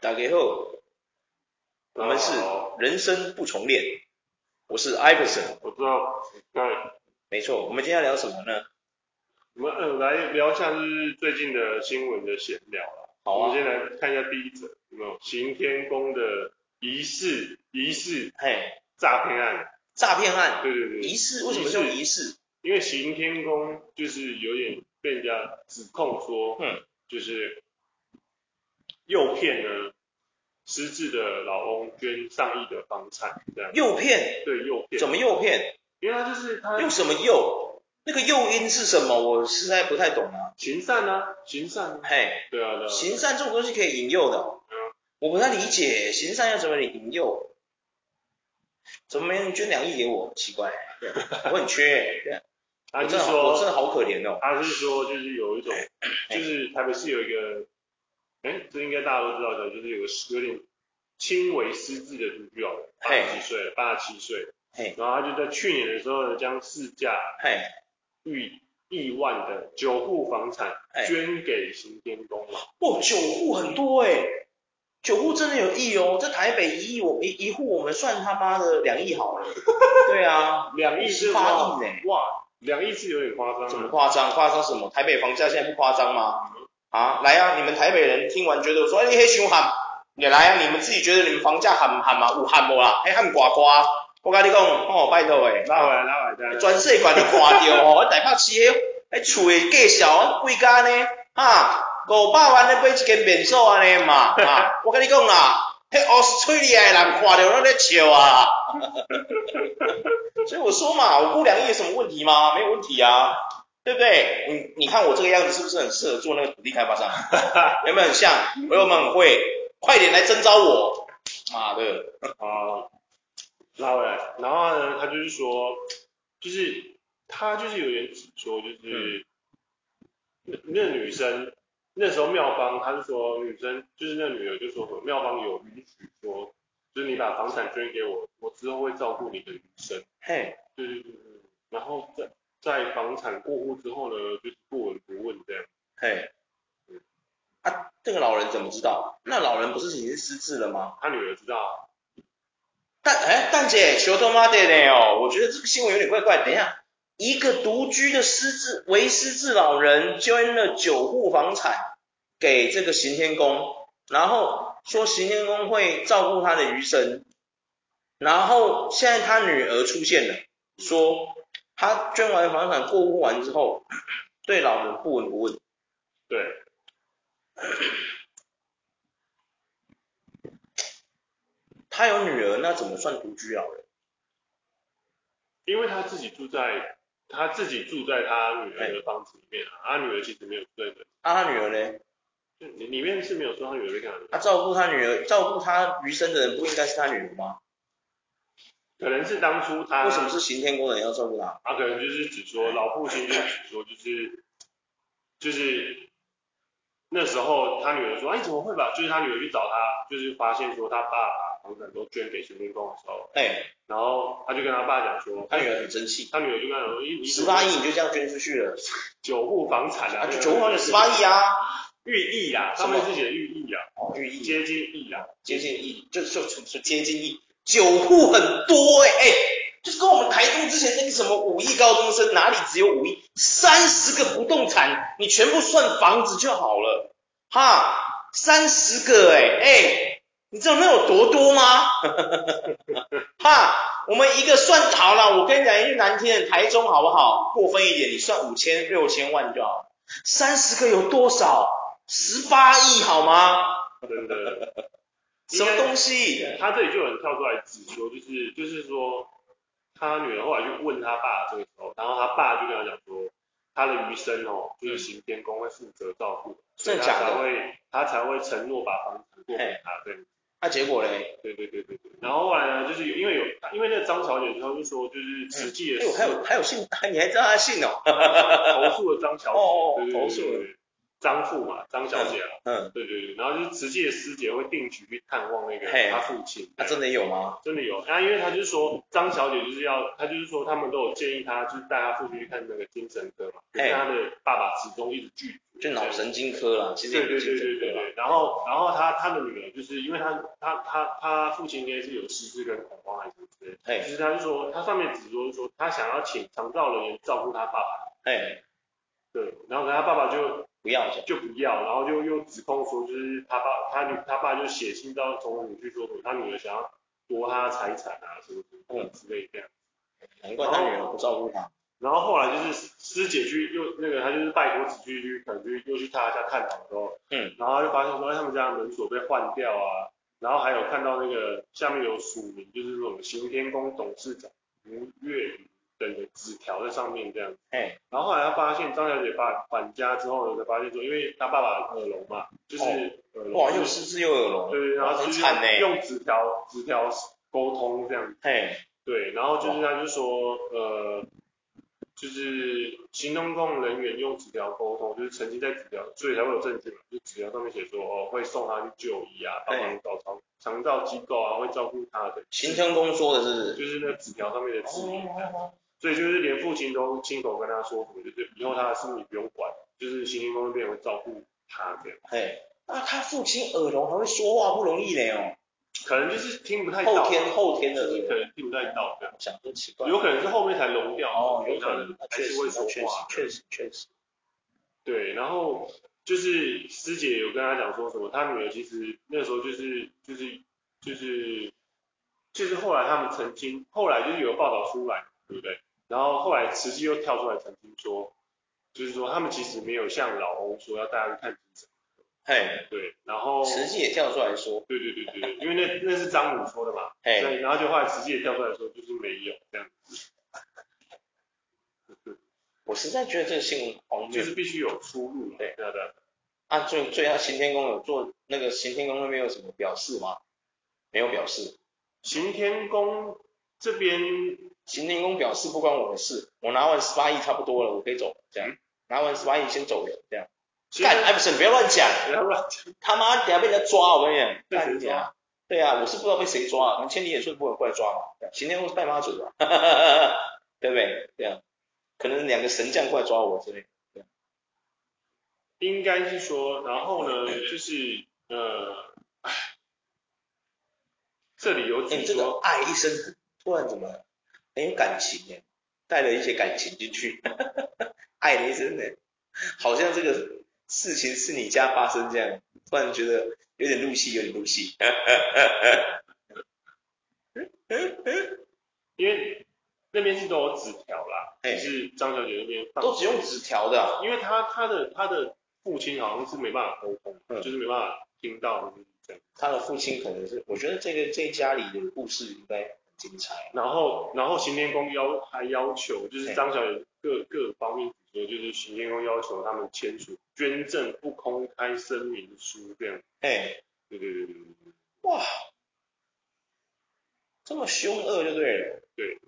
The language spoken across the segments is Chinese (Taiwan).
打給後，我們是人生不重練，哦，我是 Iverson，我知道，對，哎，沒錯。我們今天要聊什麼呢？我們呃來聊一下就是最近的新聞的閒聊了。好，啊，我們先來看一下第一則，有沒有？行天宮的疑似疑似，嘿，詐騙案，詐騙案，對對對，疑似，為什麼叫疑似？因為行天宮就是有點被人家指控說，嗯，就是誘騙呢。失智的老翁捐上億的房產，這樣誘騙，對誘騙，怎麼誘騙？因為他就是他用什麼誘？那個誘因是什麼？我實在不太懂啊。行善呢、啊？行善呢？嘿、hey,，對啊，對啊。行善這種東西可以引誘的。嗯、我不太理解行善要怎麼引誘，怎麼沒人捐兩億給我？奇怪，啊、 我很缺、欸。對、啊。他、啊、是說我真的好可憐哦。他是說就是有一種， 就是台北市有一個。哎、欸，這應該大家都知道的，就是有個有點輕微失智的獨居老人八十幾歲，八十七歲，嘿，然後他就在去年的時候呢將市價嘿逾億萬的九戶房產捐給行天宮嘛，哇、哦，九戶很多哎、欸，九戶真的有億哦，這台北一億我一一戶我們算他媽的兩億好了，對啊， 兩億是八億哎、欸，哇，兩億是有點誇張，怎麼誇張？誇張什麼？台北房價現在不誇張嗎？啊，來啊！你們台北人聽完覺得說，哎，你很兇悍，你來啊！你們自己覺得你們房價喊不喊嘛？武漢冇啦，還喊呱呱。我跟你講，哦，拜托誒、欸，拿回來、啊、拿回來來，全世界你看到哦、喔，大 拍市哦、那個，誒厝誒介紹啊，貴咖呢？哈，五百萬買一間民宿安尼嘛，哈、啊，我跟你講啊，迄 aussie 裡人看到攏咧笑啊。 所以我說嘛，我估兩億有什麼問題嗎？沒有問題啊。對不對？你你看我這個樣子是不是很適合做那個土地開發商？哈 哈，有沒有很像？我有沒有很會，快點來徵召我。媽的啊！回來、啊、然後呢？他就是說，就是他就是有點說，就是、嗯、那，那女生那時候廟方他是說女生就是那女兒就說，廟方有允許說，就是你把房產捐給我，我之後會照顧你的餘生。嘿，對對對對對。然後這在房產過戶之後呢，就是不聞不問這樣。嘿、嗯，啊，這個老人怎麼知道？那老人不是已經失智了嗎？他、啊、女兒知道、啊。但，哎、欸，但姐，求多媽的哦！我覺得這個新聞有點怪怪。等一下，一個獨居的失智、為失智老人捐了九戶房產給這個行天宮，然後說行天宮會照顧他的餘生，然後現在他女兒出現了，說。他捐完房產，過戶完之後，對老人不聞不問。對。他有女兒，那怎麼算獨居老人？因為他自己住在，他自己住在他女兒的房子裡面啊，欸、他女兒其實沒有，對對對。那他女兒呢？裡面是沒有說他女兒跟他的。他、啊、照顧他女兒、照顧他餘生的人，不應該是他女兒嗎？ 可能是當初他為什麼是行天宮人要賺不到？他可能就是只說老父親就只說就是 就是那時候他女兒說哎，怎麼會吧？就是他女兒去找他，就是發現說他爸把房產都捐給行天宮的時候，哎，然後他就跟他爸講說，他女兒很生氣，他女兒就講有一十八億你就這樣捐出去了， 九戶房產啊， 就九戶房產十八億啊，寓意啊，他們自己的寓意啊，寓意接近億啊，接近億、啊嗯，就就純、就是接近億。九戶很多誒、欸、誒、欸、就是跟我們台中之前那個什麼五億高中生哪裡只有五億，三十個不動產你全部算房子就好了哈，三十個誒、欸、誒、欸、你知道那有多多嗎？哈，我們一個算好了，我跟你講一句難聽的，台中好不好？過分一點，你算五千六千萬就好，三十個有多少？十八億好嗎？對對對。什麼東西？他這裡就有人跳出來指說，就是就是說，他女兒後來就問他爸這個時候，然後他爸就跟他講說，他的餘生哦，就是行天宮會負責照顧，這樣講會，啊、他才會承諾把房子過戶給他，對。那結果嘞？對對對對對。然後後來呢，就是因為有，嗯、因為那個張小姐，她就說就是實際的，哎、欸，欸、我還有還有姓，你還知道他姓哦，哦，哦，哦，哦，投訴了張小姐，投訴了。哦張父嘛，張小姐、啊嗯，嗯，對對對，然後就是慈濟的師姐會定期去探望那個他父親，他、啊、真的有嗎？真的有，他、啊、因為他就是說張小姐就是要，他就是說他們都有建議他，就是帶他父親去看那個精神科嘛，但、就是、他的爸爸始終一直拒絕，就腦神經科啦，對對對對對對，對，對，然後然後他他的女兒就是因為他他他他父親應該是有失智跟恐慌還、就是什其實他就說他上面只說說他想要請長照人員照顧他爸爸，對，然後他爸爸就。不要一下就不要，然後就又指控說，就是他爸他女他爸就寫信，到從女去說，說、嗯、他女兒想要奪他財產啊什麼之類這樣。難、嗯、怪他女兒不照顧他然。然後後來就是師姐去又那個，他就是拜託子去去可能去又去他家探訪的時候，嗯，然後他就發現說、哎、他們家門鎖被換掉啊，然後還有看到那個下面有署名，就是說行天宮董事長吳月宇。對對，紙條在上面這樣，哎、hey.，然後後來他發現張小姐把管家之後呢，才發現說，因為他爸爸耳聾嘛，就是耳聾，哇、oh.，又失智又耳聾，對，然後就是用紙條、oh, 用紙條哎、紙條溝通這樣，哎、hey.，對，然後就是他就說，oh. 呃，就是行天宮人員用紙條溝通，就是曾經在紙條，所以才會有證據嘛，就紙條上面寫說，哦，會送他去就醫啊，幫、hey. 他找長長照機構啊，會照顧他的。Hey. 就是、行天宮說的是、是，就是那紙條上面的字。Oh. 所以就是連父親都親口跟他說什麼就對，就、嗯、是以後他的事你不用管，就是行天宮那邊會照顧他這樣。哎，那他父親耳聾還會說話不容易呢。哦。可能就是聽不太到。後天後天的可能聽不太到。嗯、我想真奇怪。有可能是後面才聾掉。哦，有可能確、啊、實確實確實,實。對，然後就是師姐有跟他講說什麼，他女兒其實那時候就是就是就是、就是、就是後來他們曾經後來就是有報道出來，對不對？然後後來慈濟又跳出來，澄清說，就是說他們其實沒有像老歐說要帶大家去看金、hey, 對，然後慈濟也跳出來說。對對對對對，因為那 那是張五說的嘛。對、hey,，然後就後來慈濟也跳出來說，就是沒有這樣子。對對。我實在覺得這個新聞就是必須有出入、hey, 啊。對對、嗯啊、對。啊，最最，他行天宮有做那個行天宮那邊有什麼表示嗎？沒有表示。行天宮。這邊行天宮表示不關我的事，我拿完十八億差不多了，我可以走了，這樣拿完十八億先走了，這樣。幹，埃普森，不要亂講，不要亂講，他媽等下被人家抓我跟你講。被誰抓？對啊，對啊，我是不知道被誰抓，可能千里眼順風耳過來抓嘛。行天宮帶他走啊， 對不對？這樣、啊，可能兩個神將過來抓我之類。對呀、啊。應該是說，然後呢，嗯、就是、嗯、呃，這裡有據說、欸、你這個愛一生。突然怎麼很、欸、有感情呢，帶了一些感情進去，呵呵愛你真的好像這個事情是你家發生這樣，突然覺得有點入戲，有點入戲，因為那邊是都有紙條啦、欸，就是張小姐那邊都只用紙條的、啊，因為他他的他的父親好像是沒辦法溝通、哦嗯，就是沒辦法聽到，就是、他的父親可能是，我覺得這個這家裡的故事應該。精彩，然後，然後行天宮要還要求，就是張小姐各各、各方面，就是行天宮要求他們簽署捐贈不公開聲明書這樣。哎，對對對對對，哇，這麼凶惡就對了。對。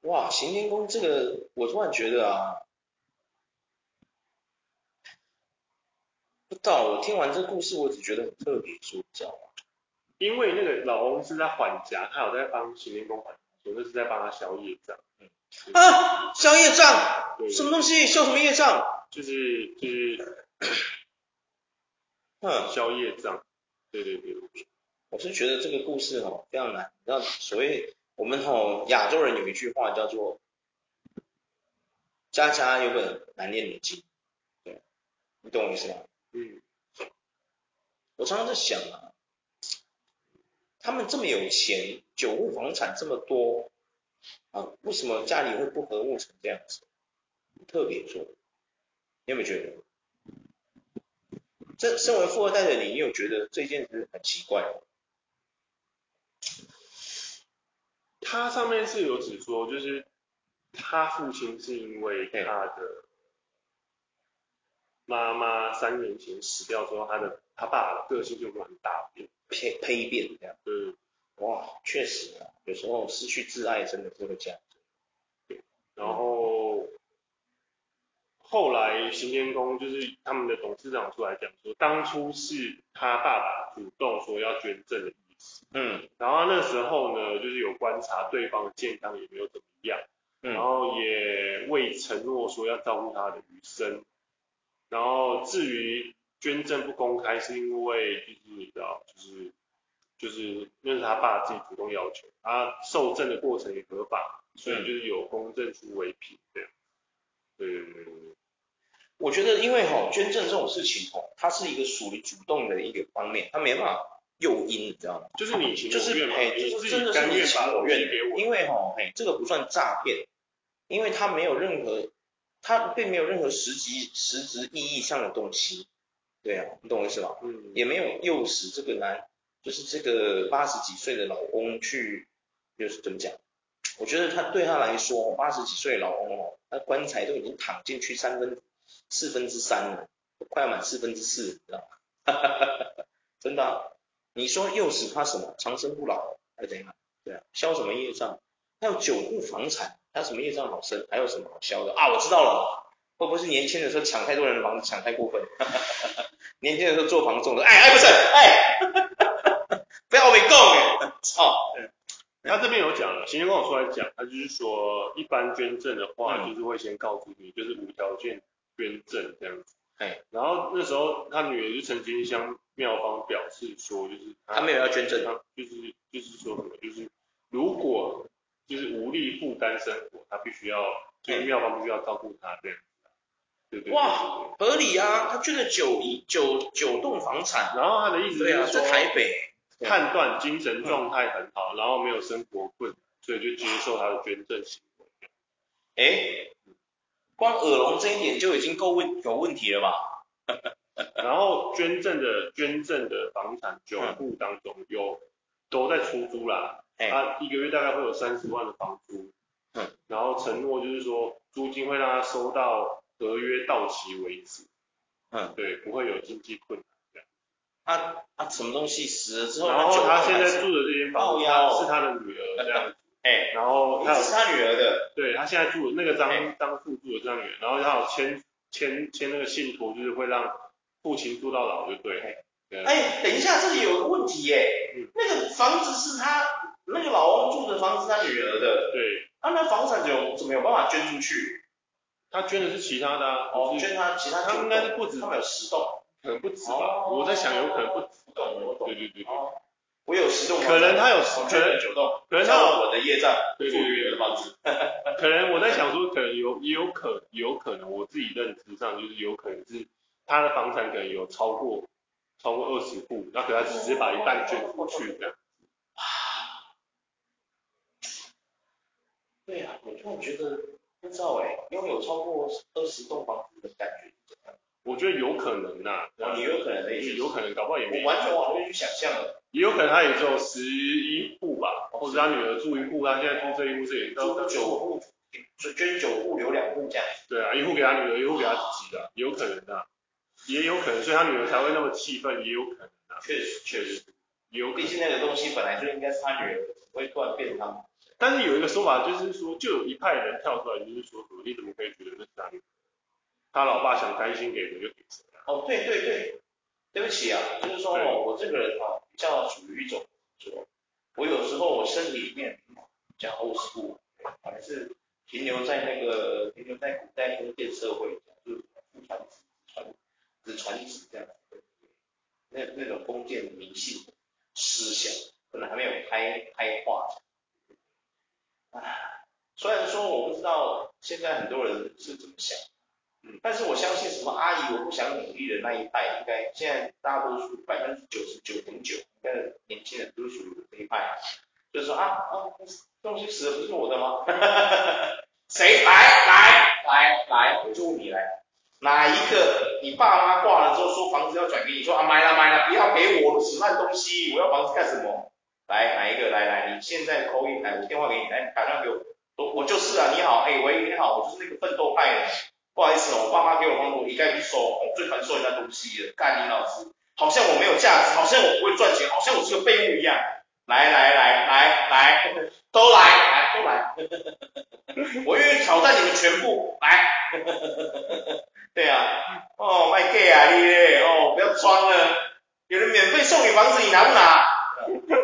哇，行天宮這個，我突然覺得啊，不知道，我聽完這個故事，我只覺得很特別聚焦啊。因為那個老翁，是在還債，他有在幫行天宮還債，我，就，這是在幫他消業障，嗯就是。啊，消業障？什麼東西？消什麼業障？就是就是，哼，就是，消，嗯，業障。對對對，對，對，我是覺得這個故事哈，哦，非常難。你知道，所謂我們吼，哦，亞洲人有一句話叫做“家家有本難念的經”，對，你懂我意思嗎？嗯。我常常在想啊。他們這麼有錢，九戶房產這麼多，啊，為什麼家裡會不和睦成這樣子？特別說，你有沒有覺得？這身為富二代的你，你有覺得這件事很奇怪？他上面是有指說，就是他父親是因為他的、嗯。媽媽三年前死掉之後，他的他爸爸的個性就蠻大的，變呸呸，變的。這樣。嗯，哇，確實啊，有時候失去摯愛真的不這個家。然後、嗯、後來行天宮，就是他們的董事長出來講說，當初是他爸爸主動說要捐贈的意思。嗯，然後那時候呢，就是有觀察對方的健康也沒有怎麼樣，嗯、然後也未承諾說要照顧他的餘生。然後至於捐贈不公開，是因為就是你知道，就是就是因為他爸自己主動要求，他受贈的過程也合法，所以就是有公證書為憑，這樣，對對對對我覺得因為哈、哦、捐贈這種事情哦，它是一個屬於主動的一個方面，它沒辦法誘因，你知道嗎？就是你情我願，就是真的你情我願，因為哈、哦，這個不算詐騙，因為他沒有任何。他並沒有任何實際、實質意義上的東西，對啊，你懂我意思嗎？嗯，也沒有誘使這個男，就是這個八十幾歲的老公去，就是怎麼講？我覺得他對他來說，八十幾歲的老公哦，他棺材都已經躺進去三分、四分之三了，快要滿四分之四了，你知道嗎？哈哈哈哈哈，真的、啊，你說誘使他什麼？長生不老，還怎樣對、啊？對啊，消什麼業障？他有九戶房產。他什麼業障好深，還有什麼好消的啊？我知道了，會不會是年輕的時候搶太多人的房子，搶太過分？ 年輕的時候做房仲的，哎哎不是，哎，哈哈哈哈哈。不要被告哎，操、 哦。他這邊有講了，晴天跟我說來講，他就是說一般捐贈的話、嗯，就是會先告訴你，就是無條件捐贈這樣子。哎。然後那時候他女兒就曾經向廟方表示說，就是他，他沒有要捐贈，他就是就是說什麼就是如果。就是無力負擔生活，他必須要，所以廟方必須要照顧他這樣，對不對？哇、對，合理啊！他捐了九、九九棟房產、嗯，然後他的意思是說、啊、在台北判斷精神狀態很好、嗯，然後沒有生活困難、嗯，所以就接受他的捐贈行為。嗯嗯、光耳聾這一點就已經夠問有問題了吧？ 然後捐贈的捐贈的房產九戶當中有、嗯、都在出租啦。他、欸啊、一個月大概會有三十萬的房租，嗯、然後承諾就是說、嗯、租金會讓他收到合約到期為止、嗯，對，不會有經濟困難他、啊啊、什麼東西死了之後，然後他現在住的這間房子、哦、他是他的女兒這樣子，哎、欸，然後他是他女兒的，對他現在住的那個張張副住的這樣遠。然後他簽簽簽那個信托，就是會讓父親住到老就對了哎、欸欸，等一下這裡有個問題哎、嗯，那個房子是他。那個老翁住的房子，他女兒的，對。他那房產怎麼沒有辦法捐出去？他捐的是其他的、啊。哦，捐他其他。他們應該是不止，他們有十棟。可能不止吧，哦、我在想，有可能不止棟。對對對，對、哦、我有十棟。可能他有十棟、九棟。可能，可能，他可能，他可能他我的業障，租 可能我在想說，可能有也有可能，有可能我自己認知上就是有可能是他的房產可能有超過超過二十戶，那可能他直接把一半捐出去這樣。嗯嗯嗯嗯嗯嗯嗯嗯對啊，我就覺得不知道哎、欸，擁有，有超過二十棟房子的感覺、啊、我覺得有可能吶、啊，也、啊、有可能的，也有可能，搞不好也沒。我完全往那邊去想象了。也有可能他也就十一戶吧、啊，或者他女兒住一戶、啊，他現在住這一戶是。住九戶，捐九戶留兩戶這樣。對啊，一戶給他女兒，一戶給他自己啊，啊也有可能的、啊，也有可能，所以他女兒才會那麼氣憤，也有可能的、啊。確實，確實，有，畢竟現在的東西本來就應該是他女兒會斷變他。但是有一個說法，就是說，就有一派人跳出來，就是說，你怎麼可以覺得那是他？他老爸想擔心給誰就給誰、啊、哦，對對對，對不起啊，就是說，哦、我這個人啊，比較屬於一種我有時候我身體裡面比較 old school 還是停留在那個停留在古代封建社會，就是傳子傳子傳子這樣子，那那種封建迷信的思想可能還沒有開開化。唉，雖然說我不知道現在很多人是怎麼想，嗯，但是我相信什麼阿姨我不想努力的那一代，應該現在大多數百分之九十九點九，應該年輕人都是屬於這一派，就是說啊啊，東西死了不是我的嗎？哈哈哈！誰來來來來，我就問你來，哪一個你爸媽掛了之後說房子要轉給你說，說啊買了買了，買了，不要給我，死爛東西，我要房子幹什麼？來哪一個？來來，你現在扣一來，我電話給你來，打電話給我，我就是啊，你好，哎喂，你好，我就是那個奮鬥派的，不好意思哦、啊，我爸媽給我房子，我一概不收，我最煩收人家東西了。幹你老師，好像我沒有價值，好像我不會賺錢，好像我是個廢物一樣。來來來來來，來，都來來都來，都來，我願意挑戰你們全部，來，對啊，哦，賣給啊你哦，不要裝了，有人免費送你房子，你拿不拿？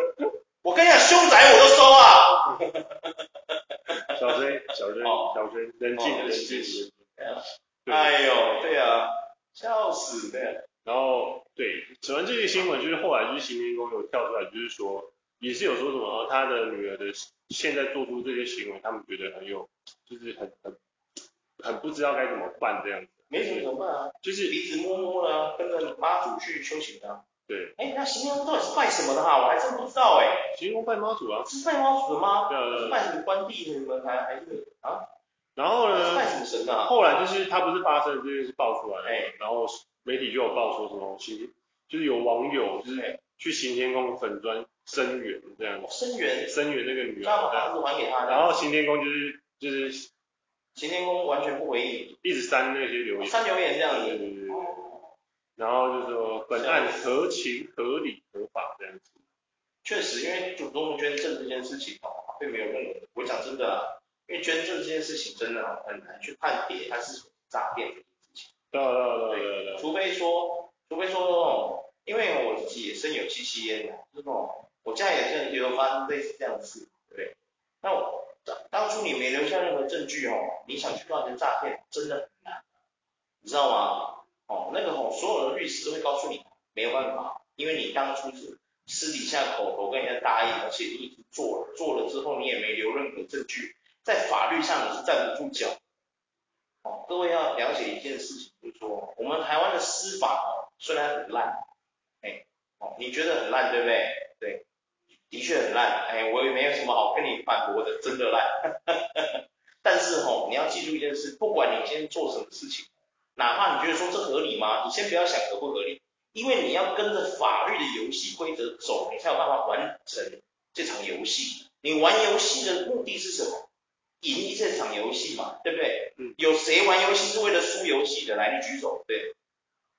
我跟你講，凶宅我都收啊！ 小聲，oh. 小聲，小聲，冷、oh. 靜，冷、oh. 靜，冷靜。哎呦，對啊，笑死！的然後，對，說完這些新聞，就是後來就是行天宮有跳出來，就是說，也是有說什麼，他的女兒的現在做出這些行為，他們覺得很有，就是很很很不知道該怎麼辦這樣子、就是。沒什麼怎麼辦啊？就是、就是、一直摸摸的、啊、跟着媽祖去修行的。對，哎、欸，那行天宮到底是拜什麼的哈？我還真不知道哎、欸。行天宮拜媽祖啊？是,是拜媽祖的嗎？對,對,對。是拜什麼關帝的？你們還還是啊？然後呢？拜什麼神啊？後來就是他不是發生這件事爆出來了、欸，然後媒體就有報說,說什麼，就是有網友就是去行天宮粉專聲援這樣。聲援聲援那個女兒？對然後行天宮就是就是。行、就是、天宮完全不回應。一直刪那些留言。刪、哦、留言這樣子。就是然後就是說本案合情、合理、合法這樣子。確實，因為主動捐贈這件事情哦，並沒有任何。我講真的啊，因為捐贈這件事情真的很難去判別它是詐騙的事情。到到到到，對對對對，除非說，嗯、除非說，因為我自己也身有戚戚焉的，就是說，我家也真的有人就發生類似這樣的事，對。那我當初你沒留下任何證據哦，你想去告人詐騙，真的很難，你知道嗎？哦，那個哦，所有的律師都會告訴你，沒有辦法，因為你當初是私底下口頭跟人家答應，而且你已經做了，做了之後你也沒留任何證據，在法律上你是站不住腳。哦，各位要了解一件事情，就是說我們台灣的司法，哦，雖然很爛，哎，哦，你覺得很爛對不對？對，的確很爛，哎，我也沒有什麼好跟你反駁的，真的爛。呵呵，但是哈，哦，你要記住一件事，不管你今天做什麼事情。哪怕你覺得說，這合理嗎？你先不要想合不合理，因為你要跟着法律的遊戲規則走，你才有辦法完成這場遊戲。你玩遊戲的目的是什麼？贏這場遊戲嘛，對不對？嗯。有誰玩遊戲是為了輸遊戲的？來，你舉手，對。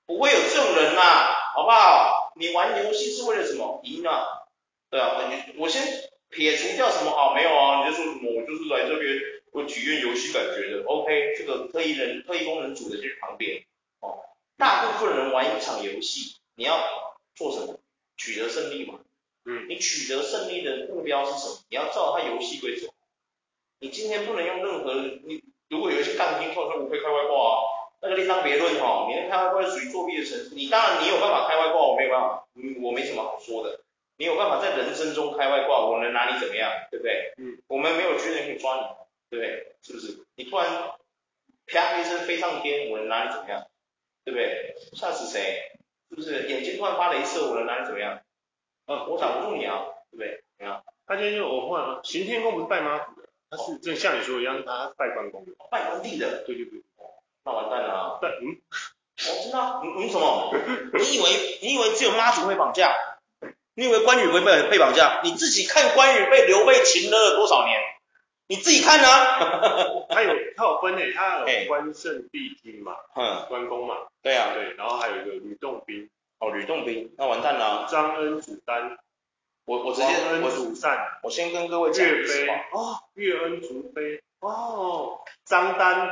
不會有這種人吶啊，好不好？你玩遊戲是為了什麼？贏啊，對啊。我先撇除掉什麼啊，哦，沒有啊，你在說什麼？我就是來這邊。或體驗遊戲感覺的，OK，這個特異人、特異功能組的就是旁邊，哦，大部分人玩一場遊戲，你要做什麼？取得勝利嘛，嗯，你取得勝利的目標是什麼？你要照他遊戲規則，你今天不能用任何，你如果有一些槓精、跳說你會開外掛啊，那個另當別論哈，你開外掛屬於作弊的成分，你當然你有辦法開外掛，我沒有辦法，我沒什麼好說的，你有辦法在人生中開外掛，我能拿你怎麼樣？對不對？嗯，我們沒有權利去抓你。對不對，是不是？你突然啪一聲飛上天，我能拿你怎麼樣？對不對？嚇死誰？是不是？眼睛突然發雷射，我能拿你怎麼樣？啊、嗯，我擋不住你啊、哦，對不對？你看他今天就是我換，行天宮不是拜媽祖的，他是正、哦、像你說一樣，他拜關公的、哦，拜關帝的。對對對，那完蛋了啊！拜嗯，我知道，你你什麼？你以為你以為只有媽祖會綁架？你以為關羽會被被綁架？你自己看關羽被劉備擒了多少年？你自己看啊， 他有他有分類，他有官必 hey, 關聖帝君嘛。嗯，關公嘛，對啊，對，然後還有一個呂洞賓，哦，呂洞賓，那完蛋了，張恩、祖丹，我我直接，王恩、祖善，我先跟各位講，岳飛，哦，岳恩、祖飛，嗯、哦，張丹、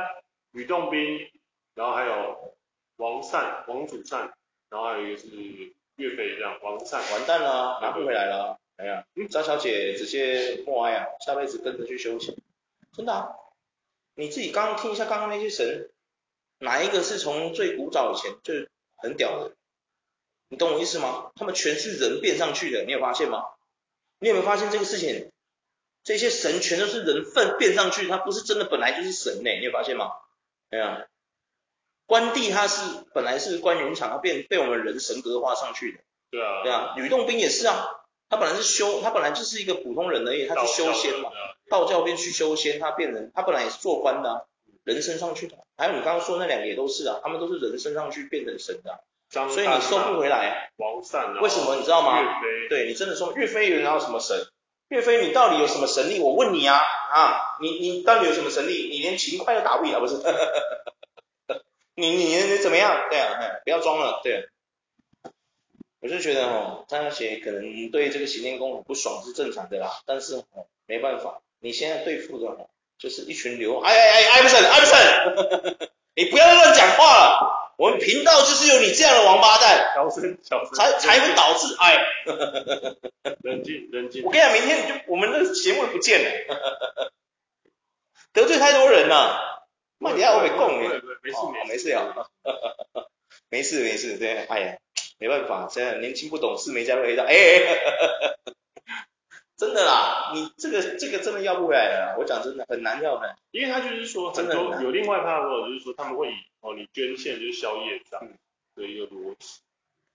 呂洞賓，然後還有王善、王祖善，然後還有一個是岳飛這樣，王善，完蛋了、啊，拿不回來了。哎、嗯、呀，張小姐直接默哀啊，下輩子跟着去修行。真的、啊，你自己剛剛聽一下剛剛那些神，哪一個是從最古早以前就很屌的？你懂我意思嗎？他們全是人變上去的，你有發現嗎？你有沒有發現這個事情？這些神全都是人糞變上去，他不是真的本來就是神呢，你有發現嗎？哎呀、啊，關帝他是本來是關雲長，他變被我們人神格化上去的。對啊，對啊，呂洞賓也是啊。他本來是修，他本來就是一個普通人而已，他去修仙嘛，道教邊去修仙，他變人，他本來也是做官的、啊，人身上去，還有你剛剛說那兩個也都是啊，他們都是人身上去變成神的、啊，所以你收不回來、啊。王善，為什麼你知道嗎？岳飛。對，你真的說岳飛有人要什麼神？岳飛你到底有什麼神力？我問你啊啊，你你到底有什麼神力？你連秦檜都打不贏，不是？ 你你你怎麼樣？對啊，不要裝了，對。我就覺得哦，這樣寫可能對這個行天宮很不爽是正常的啦，但是哦，沒辦法，你現在對付的哦，就是一群流，哎哎哎，艾布森，艾布森，你不要亂講話了，我們頻道就是有你這樣的王八蛋，小聲小聲，才才會導致哎，冷靜冷靜，我跟你講，明天就我們的節目不見了，得罪太多人了，那你要我給供，你沒事沒事、哦、沒事啊、哦，沒事沒事， 沒事沒事，對，哎呀。沒辦法，現在年輕不懂事，沒加入業障，哎、欸欸，真的啦，你這個這個真的要不回來了，我講真的很難要的，因為他就是說很多真的很有另外一派說，就是說他們會哦你捐獻就是消業障的一個邏輯，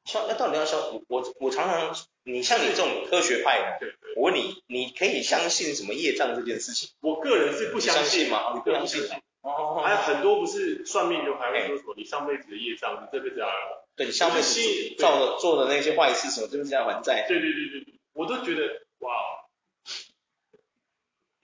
消那到底要消我我常常你像你這種科學派的，對不對，對對對我問你，你可以相信什麼業障這件事情？我個人是不相信，相信嘛，你個人是相信，哦哦 還有很多不是算命就還會說什麼你上輩子的業障，你這輩子啊。對，相互吸引，照着做的那些壞事，什麼就是在還債。對對對對對，我都覺得，哇，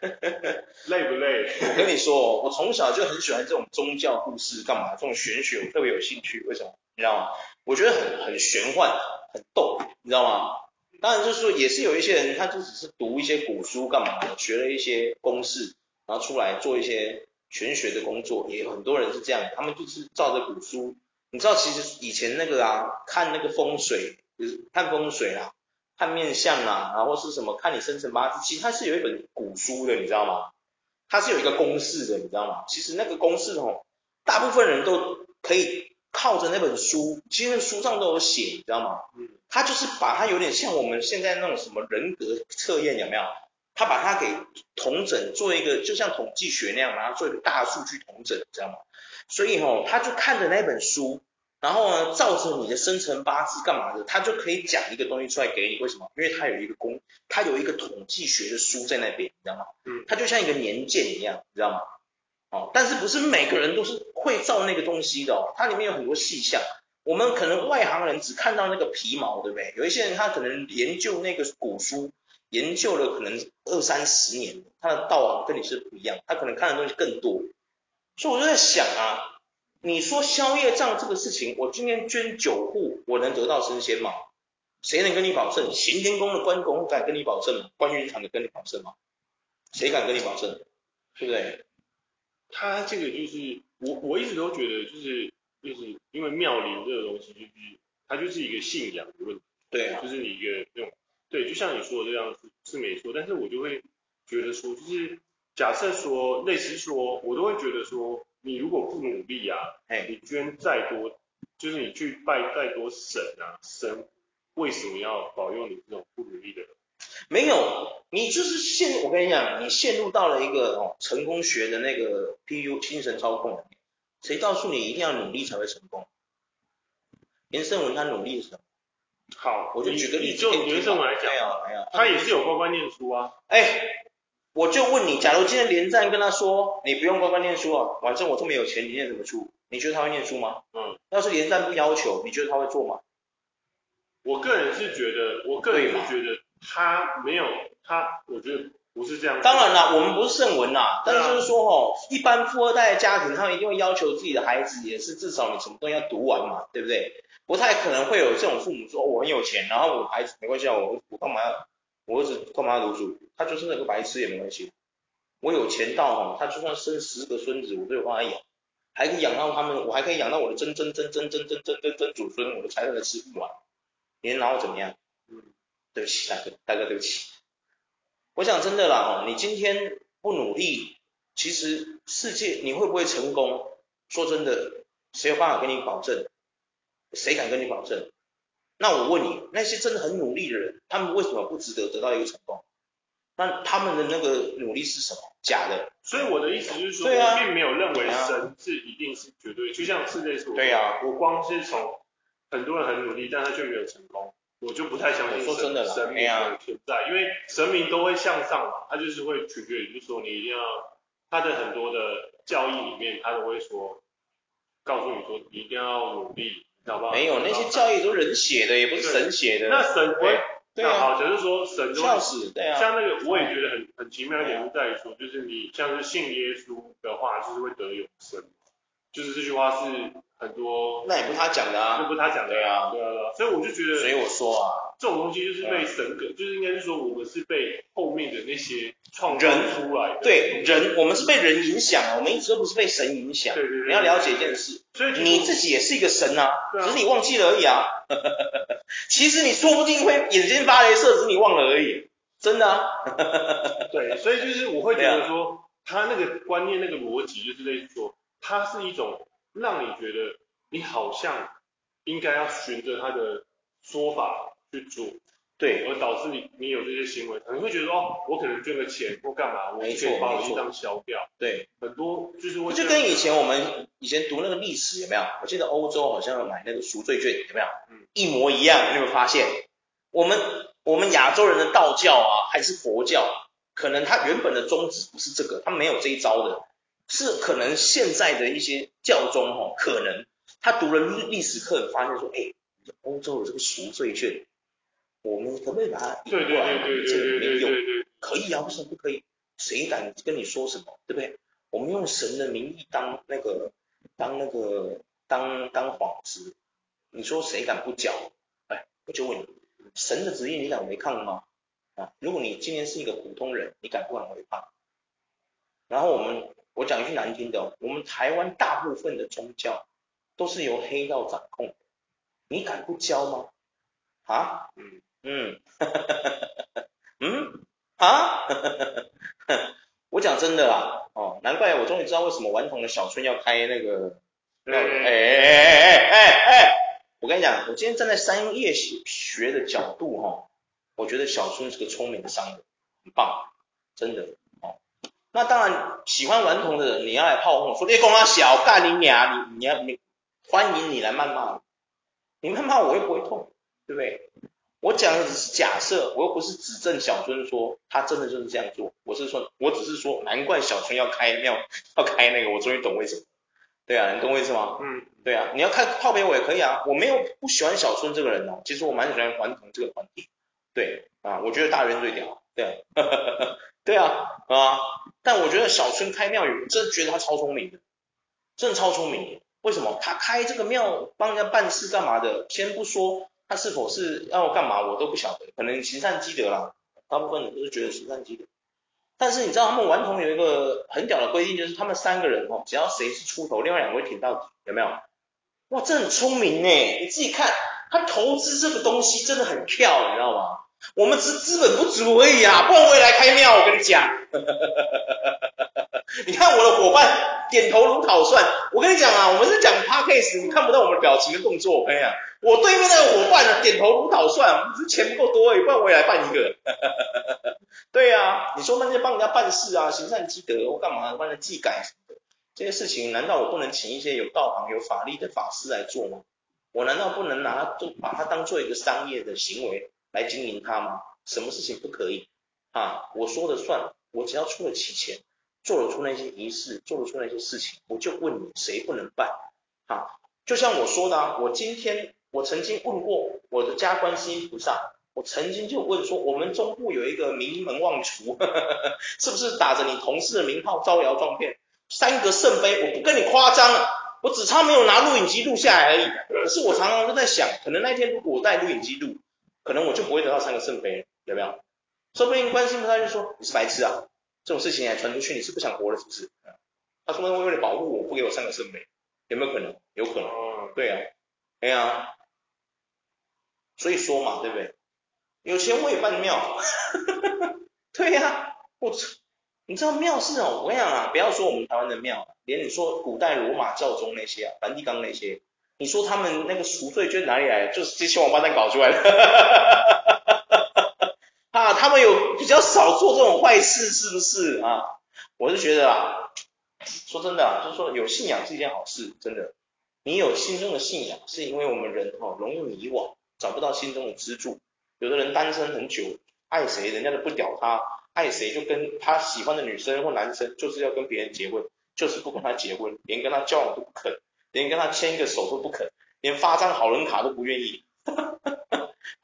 累不累？我跟你說，我從小就很喜歡這種宗教故事，幹嘛？這種玄學我特別有興趣，為什麼？你知道嗎？我覺得很很玄幻，很逗，你知道嗎？當然就是說，也是有一些人，他就只是讀一些古書，幹嘛？學了一些公式，然後出來做一些玄學的工作，也有很多人是這樣的，他們就是照着古書。你知道其實以前那個啊，看那個風水，就是、看風水啦、啊，看面相啦、啊，然、啊、後是什麼，看你生辰八字，其實它是有一本古書的，你知道嗎？它是有一個公式的，你知道嗎？其實那個公式哦，大部分人都可以靠着那本書，其實那本書上都有寫，你知道嗎？它就是把它有點像我們現在那種什麼人格測驗，有沒有？他把它給統整做一個，就像統計學那樣，把它做一個大數據統整，你知道嗎？所以哈、哦，他就看着那本書，然後呢，照着你的生辰八字幹嘛的，他就可以講一個東西出來給你。為什麼？因為他有一個公，他有一個統計學的書在那邊，你知道嗎？嗯。他就像一個年鑑一樣，你知道嗎？哦，但是不是每個人都是會照那個東西的、哦？它裡面有很多細項，我們可能外行人只看到那個皮毛，對不對？有一些人他可能研究那個古書。研究了可能二三十年，他的道行跟你是不一樣，他可能看的東西更多，所以我就在想啊，你說消業障這個事情，我今天捐九戶，我能得到升仙嗎？誰能跟你保證？行天宮的關公敢跟你保證嗎？關雲長的跟你保證嗎？誰敢跟你保證？對不對？他這個就是我我一直都覺得就是就是因為廟裡這個東西就是它就是一個信仰的問題，對、就是就是，就是你一個那種。對，就像你說的這樣是是沒錯，但是我就會覺得說，就是假設說，類似說，我都會覺得說，你如果不努力啊，哎，你捐再多，就是你去拜再多神啊，神為什麼要保佑你這種不努力的人？沒有，你就是陷，我跟你講，你陷入到了一個哦，成功學的那個 PU 精神操控裡面。誰告訴你一定要努力才會成功？連勝文他努力了什麼？好，我就舉個你就學生我來講沒，沒有，沒有，他也是有乖乖念書啊。哎，我就問你，假如今天連戰跟他說，你不用乖乖念書啊，反正我這麼有錢，你念什麼書，你覺得他會念書嗎？嗯。要是連戰不要求，你覺得他會做嗎？我個人是覺得，我個人是覺得他沒有他，我覺得不是這樣。當然啦，我們不是聖文啦、啊，但是就是說吼，一般富二代的家庭，他一定會要求自己的孩子，也是至少你什麼都要讀完嘛，對不對？不太可能會有這種父母說，哦、我很有錢，然後我孩子沒關係，啊，我我幹嘛要我兒子幹嘛要讀書？他就是那個白痴也沒關係，我有錢到哈，他就算生十個孫子，我都有辦法養，還可以養到他們，我還可以養到我的曾曾曾曾曾曾曾曾曾曾祖孫，我的財產都吃不完，你能拿我怎麼樣？嗯，對不起大哥，大哥對不起，我想真的啦，你今天不努力，其實世界你會不會成功？說真的，誰有辦法給你保證？誰敢跟你保證？那我問你，那些真的很努力的人，他們為什麼不值得得到一個成功？那他們的那個努力是什麼？假的。所以我的意思就是說，啊、我並沒有認為神是一定是絕對。對啊、就像世界上說，對啊，我光是從很多人很努力，啊、但他卻沒有成功，啊、我就不太相信神，說真的神明存在、啊。因為神明都會向上嘛，他就是會取決於，就是說你一定要。他在很多的教義裡面，他都會說，告訴你說你一定要努力。好好沒有，那些教義都是人寫的，也不是神寫的。那神會，對，對啊，那好像就是說神就是。死，對啊。像那個，我也覺得很很奇妙一點就在於說，就是你像是信耶穌的話，就是會得永生，就是這句話是很多。那也不是他講的啊，那不是他講的呀，對啊，所以我就覺得。所以我說啊。這種東西就是被神給、啊，就是應該是說我們是被後面的那些創造出來的人，對人，我們是被人影響啊，我們一直都不是被神影響。對對，對，對你要了解一件事，所以你自己也是一個神啊，啊，只是你忘記了而已啊。哈哈哈哈哈。其實你說不定會眼睛發雷射，只是你忘了而已。真的啊。哈哈哈哈哈哈。對，所以就是我會覺得說，他、啊、那個觀念、那個邏輯，就是在說，他是一種讓你覺得你好像應該要循着他的說法。去做，對，而導致你你有這些行為，你會覺得哦，我可能捐個錢或幹嘛沒錯，我可以把這張銷掉。對，很多就是我就跟以前我們以前讀那個歷史有沒有？我記得歐洲好像有買那個贖罪券有沒有？嗯、一模一樣。你有沒有發現？我們我們亞洲人的道教啊，還是佛教，可能他原本的宗旨不是這個，他沒有這一招的，是可能現在的一些教宗哈，可能他讀了歷史課發現說，哎、欸，歐洲有這個贖罪券。我們可不可以把它引過來？這沒有，可以啊，為什麼不可以？誰敢跟你說什麼？對不對？我們用神的名義當那個，當那個，當當幌子。你說誰敢不交？哎，我就問你，神的旨意你敢違抗嗎？啊，如果你今天是一個普通人，你敢不敢違抗？然後我們，我講一句難聽的，我們台灣大部分的宗教都是由黑道掌控的，你敢不交嗎？啊？嗯。嗯，呵呵呵嗯啊呵呵呵，我講真的啦、啊，哦，難怪我終於知道為什麼頑童的小春要開那個，嗯，哎哎哎哎哎哎，我跟你講，我今天站在商業學、學的角度哈、哦，我覺得小春是個聰明的商人，很棒，真的哦。那當然，喜歡頑童的人你要來炮轟我，說哎，公阿小幹你娘，你話你、你要歡迎你來謾罵，你謾罵我又不會痛，對不對？我講的只是假設，我又不是指證小春說他真的就是這樣做。我是說，我只是說，難怪小春要開廟，要開那個，我終於懂為什麼。對啊，你懂我意思嗎？嗯，對啊，你要看炮邊我也可以啊，我沒有不喜歡小春這個人呢、啊。其實我蠻喜歡頑童這個團體。對啊，我覺得大元最屌。對，啊，對啊，啊，但我覺得小春開廟，我真覺得他超聰明的，真超聰明的。為什麼？他開這個廟幫人家辦事幹嘛的？先不說。他是否是要幹嘛，我都不曉得，可能行善積德啦，大部分人都是覺得行善積德。但是你知道他們頑童有一個很屌的規定，就是他們三個人哦，只要誰是出頭，另外兩位挺到底，有沒有？哇，這很聰明哎，你自己看他投資這個東西真的很跳，你知道嗎？我們是資本不足而已啊，不然我也來開廟，我跟你講。 你看我的伙伴點頭如搗蒜，我跟你講啊，我們是講 Podcast，你看不到我們表情的動作，哎呀。我對面那個夥伴呢，點頭如搗蒜，錢不夠多，要不我也來辦一個。 對呀、啊，你說那些幫人家辦事啊、行善積德或幹嘛，幫人家祭改什麼的這些事情，難道我不能請一些有道行、有法力的法師來做嗎？我難道不能拿做把它當作一個商業的行為來經營它嗎？什麼事情不可以？啊，我說了算，我只要出得起錢，做得出那些儀式，做得出那些事情，我就問你誰不能辦？啊，就像我說的、啊，我今天。我曾經問過我的家觀世音菩薩，我曾經就問說，我們中部有一個名門望族， 是不是打着你同事的名號招搖撞騙？三個聖杯，我不跟你誇張、啊、我只差沒有拿錄影機錄下來而已。可是我常常都在想，可能那天如果我帶錄影機錄，可能我就不會得到三個聖杯，有沒有？說不定觀世音菩薩就說你是白痴啊，這種事情傳出去你是不想活了，是不是？他說會為了保護我，我不給我三個聖杯，有沒有可能？有可能，對啊，對呀、啊所以說嘛，對不對？有錢我也辦廟， 對呀、啊，我操，你知道廟是什麼樣啊，我跟你講啊，不要說我們台灣的廟，連你說古代羅馬教宗那些啊，梵蒂岡那些，你說他們那個贖罪券哪裡來？就是這些王八蛋搞出來的，哈哈哈，啊，他們有比較少做這種壞事，是不是啊？我是覺得啊，說真的，就是說有信仰是一件好事，真的，你有心中的信仰，是因為我們人哦容易迷惘。找不到心中的支柱，有的人單身很久，愛誰人家都不屌他，愛誰就跟他喜歡的女生或男生，就是要跟別人結婚，就是不跟他結婚，連跟他交往都不肯，連跟他牽一個手都不肯，連發張好人卡都不願意，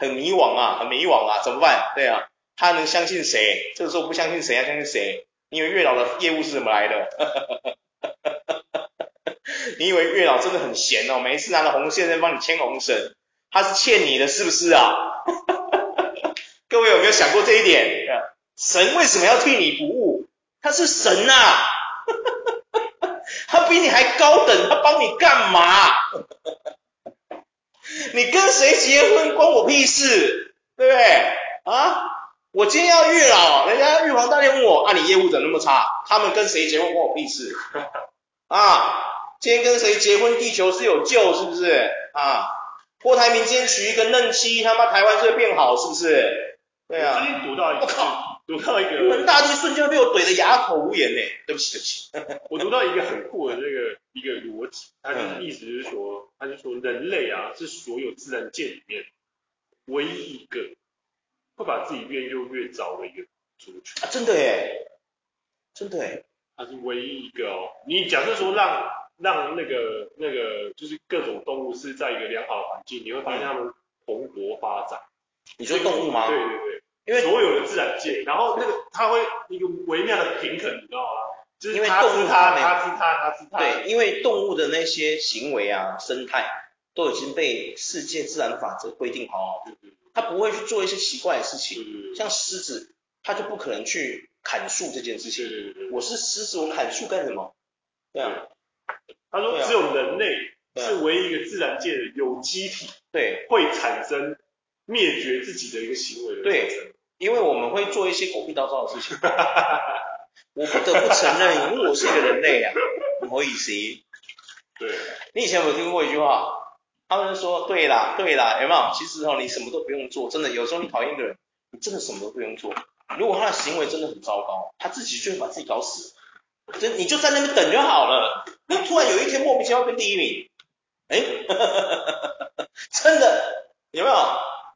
很迷惘啊，很迷惘啊，怎麼辦？對啊，他能相信誰？這個時候不相信誰啊？相信誰？你以為月老的業務是怎麼來的？ 你以為月老真的很閒哦、啊？每一次拿着紅線在幫你牽紅線。他是欠你的，是不是啊？ 各位有沒有想過這一點？神為什麼要替你服務？他是神吶、啊，他 比你還高等，他幫你幹嘛？ 你跟誰結婚關我屁事，對不對？啊，我今天要月老，人家玉皇大帝問我，啊你業務怎麼那麼差？他們跟誰結婚關我、哦、屁事？啊，今天跟誰結婚，地球是有救，是不是啊？郭台銘今天娶一個嫩妻，他媽台灣是會變好，是不是？對啊。我讀到一個，我靠，讀到一個。很大帝瞬間被我懟得啞口無言呢、欸。對不起對不起，我讀到一個很酷的那個 一個邏輯，他就是意思就是說，他就是說人類啊是所有自然界裡面唯一一個會把自己變越越糟的一個族群啊，真的耶，真的耶，他是唯一一個哦。你假設說讓讓那個那個就是各種動物是在一個良好的環境，你會發現它們蓬勃發展、嗯。你說動物嗎？對對對，因為所有的自然界，然後那個它會一個微妙的平衡，你知道嗎？就是它是它，它，它是它，它是它，它，它。對，因為動物的那些行為啊、生態，都已經被世界自然法則規定好、啊。嗯。它不會去做一些奇怪的事情。對對對，像獅子，它就不可能去砍樹這件事情。對對對，我是獅子，我砍樹幹什麼？這樣。對他說，只有人類是唯一一個自然界的有機體，對，會產生滅絕自己的一個行為。對，因為我們會做一些狗屁倒灶的事情。 我不得不承認，因 為我是一個人類啊，不好意思。對，你以前有沒有聽過一句話？他們說，對啦，對啦，有沒有？其實哦，你什麼都不用做，真的。有時候你討厭的人，你真的什麼都不用做。如果他的行為真的很糟糕，他自己就會把自己搞死。真你就在那邊等就好了。那突然有一天莫名其妙變第一名，哎、欸， 真的有沒有？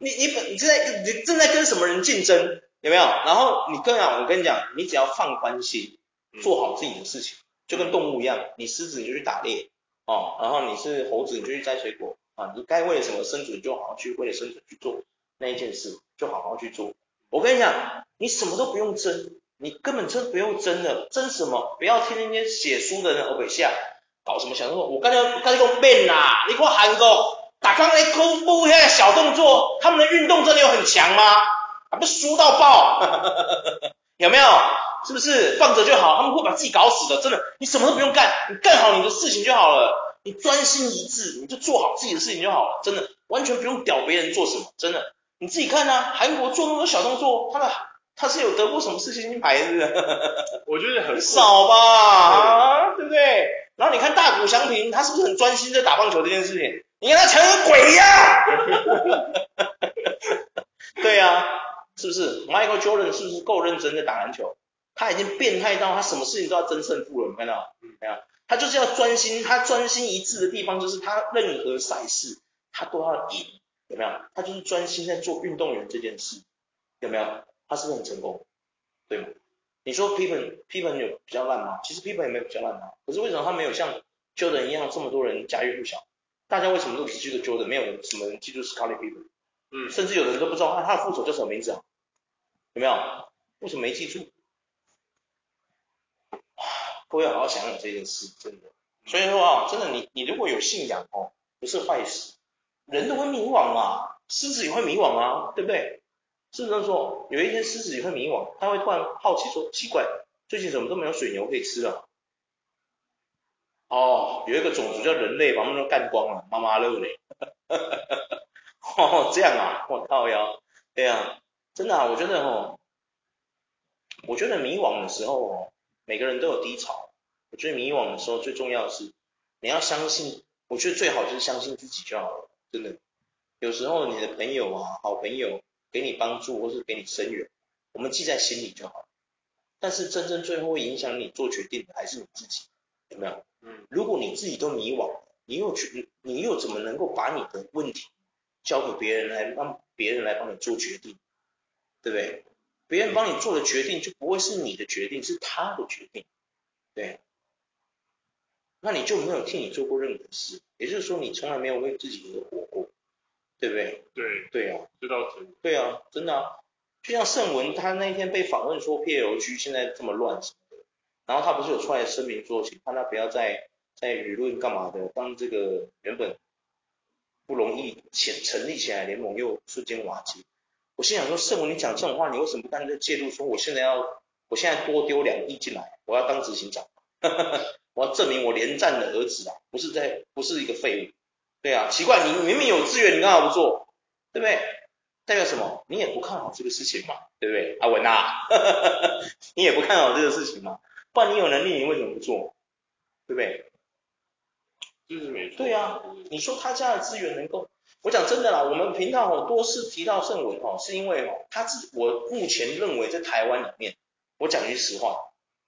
你你本你現在，你正在跟什麼人競爭有沒有？然後你更要我跟你講，你只要放寬心，做好自己的事情，就跟動物一樣，你獅子你就去打獵哦，然後你是猴子你就去摘水果啊，你該為了什麼生存就好好去為了生存去做那一件事，就好好去做。我跟你講，你什麼都不用爭。你根本真不用爭的，爭什麼？不要天天天寫書的人而北下搞什麼小動作。我剛才剛才跟我吶，你給我韓國打剛 A Q 不現小動作，他們的運動真的有很強嗎？還不輸到爆、啊， 有沒有？是不是放着就好？他們會把自己搞死的，真的。你什麼都不用幹，你幹好你的事情就好了。你專心一致，你就做好自己的事情就好了，真的。完全不用屌別人做什麼，真的。你自己看啊，韓國做那麼多小動作，他的。他是有得過什麼事情金牌的， 我覺得很少吧， 對不對？然後你看大谷翔平，他是不是很專心在打棒球這件事情？你看他成個鬼呀，啊！ 對呀，啊，是不是？Michael Jordan 是不是夠認真的打籃球？他已經變態到他什麼事情都要爭勝負了，你看到沒有？他就是要專心，他專心一致的地方就是他任何賽事他都要贏，有沒有？他就是專心在做運動員這件事，有沒有？他是不是很成功？對嗎？你說 Pippen Pippen 有比較爛嗎？其實 Pippen 也沒有比較爛啊。可是為什麼他沒有像 Jordan 一樣這麼多人家喻戶曉？大家為什麼都只記住 Jordan？沒有什麼人記住 Scottie Pippen？嗯，甚至有的人都不知道啊，他的副手叫什麼名字啊？有沒有？為什麼沒記住？各位好好想想這件事，真的。所以說啊、哦，真的，你你如果有信仰哦，不是壞事。人都會迷惘啊，獅子也會迷惘啊，對不對？事實上說，有一天獅子也會迷惘，他會突然好奇說：“奇怪，最近怎麼都沒有水牛可以吃了，啊？”哦，有一個種族叫人類，把他們都幹光了，媽媽樂嘞。哈哈哈哈哈，哦，這樣啊，我靠呀，對呀，啊，真的，啊，我覺得哦，我覺得迷惘的時候哦，每個人都有低潮。我覺得迷惘的時候最重要的是，你要相信。我覺得最好就是相信自己就好了，真的。有時候你的朋友啊，好朋友。給你幫助或是給你聲援，我們記在心裡就好。但是真正最後會影響你做決定的還是你自己，有沒有？嗯，如果你自己都迷惘，你又去，你又怎麼能夠把你的問題交給別人來讓別人來幫你做決定？對不對？別人幫你做的決定就不會是你的決定，是他的決定。對，那你就沒有替你做過任何事，也就是說你從來沒有為自己而活過。對不對？對對啊，這倒是。對啊，真的啊，就像勝文他那天被訪問說 PLG 現在這麼亂什麼的，然後他不是有出來聲明說，請他不要再在，在輿論幹嘛的，當這個原本不容易建成立起來聯盟又瞬間瓦解。我心想說，勝文你講這種話，你為什麼不乾脆介入說，我現在要我現在多丟兩億進來，我要當執行長， 我要證明我連戰的兒子啊，不是在不是一個廢物。對啊，奇怪，你明明有資源，你幹嘛不做？對不對？代表什麼？你也不看好這個事情嘛，對不對？阿文啊，啊呵呵呵，你也不看好這個事情嘛？不然你有能力，你為什麼不做？對不對？就是沒錯、啊。對啊，你說他家的資源能夠……我講真的啦，我們頻道、哦、多次提到勝文哈、哦，是因為哦他是我目前認為在台灣裡面，我講一句實話，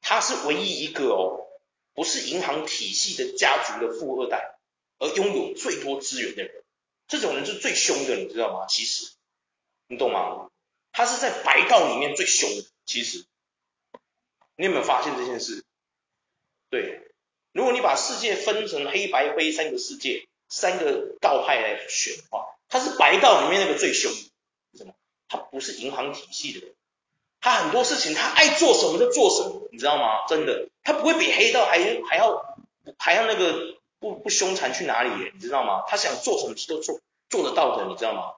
他是唯一一個哦，不是銀行體系的家族的富二代。而擁有最多資源的人，這種人是最兇的，你知道嗎？其實，你懂嗎？他是在白道裡面最兇的。其實，你有沒有發現這件事？對，如果你把世界分成黑白灰三個世界，三個道派來選的話，他是白道裡面那個最兇的。什麼？他不是銀行體系的人，他很多事情他愛做什麼就做什麼，你知道嗎？真的，他不會比黑道還還要還要那個。不不兇殘去哪裡？你知道嗎？他想做什麼事都做做得到的，你知道嗎？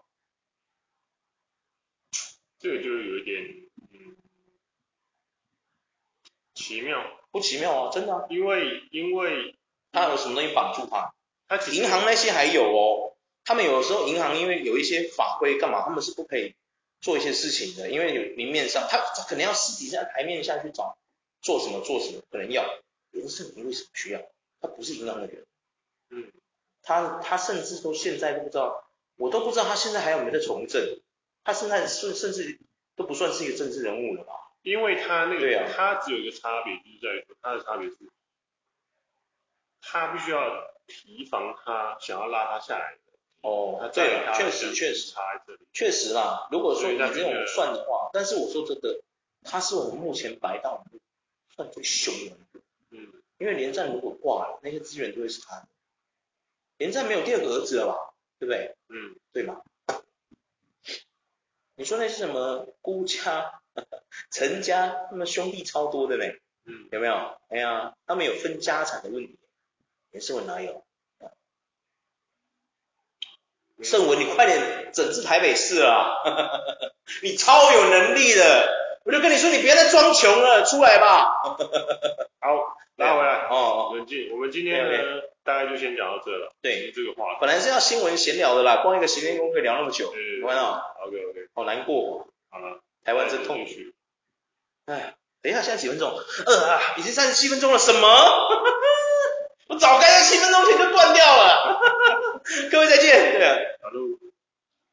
這個就是有一點，嗯，奇妙，不奇妙啊、哦？真的、啊，因為因為他有什麼東西綁住他？他銀行那些還有哦，他們有的時候銀行因為有一些法規幹嘛，他們是不可以做一些事情的，因為有明面上，他他可能要私底下台面下去找，做什麼做什麼，可能要，也是你為什麼需要，他不是銀行的人。嗯，他他甚至都現在都不知道，我都不知道他現在還有沒有在從政，他現在甚至甚至都不算是一個政治人物了吧？因為他那個，呀，對啊，他只有一個差別就是在於說，他的差別是，他必須要提防他想要拉他下來的。哦，他這，對，確實確實差在這裡，確實啦。如果說你這種算的話、這個，但是我說真的，他是我們目前白道算最凶的一個。嗯，因為連戰如果掛了，那些資源就會是他的。人家沒有第二兒子了吧？對不對？嗯，對吧？你說那是什麼？辜家、陳家，他們兄弟超多的呢。嗯，有沒有？哎呀、啊，他們有分家產的問題。連勝文哪有？勝、嗯、文，你快點整治台北市了啊！ 你超有能力的。我就跟你說，你別再裝窮了，出來吧。 好，拿回來。哦，冷靜、哦。我們今天呢，okay. 大概就先聊到這了。對，這個話題本來是要新聞閒聊的啦，光一個行天宮可以聊那麼久，嗯，完了。OK OK。好難過好了，台灣真痛苦。哎，等一下，現在幾分鐘？呃啊，已經三十七分鐘了，什麼？ 我早該在七分鐘前就斷掉了。 各位再見。對、啊，小路。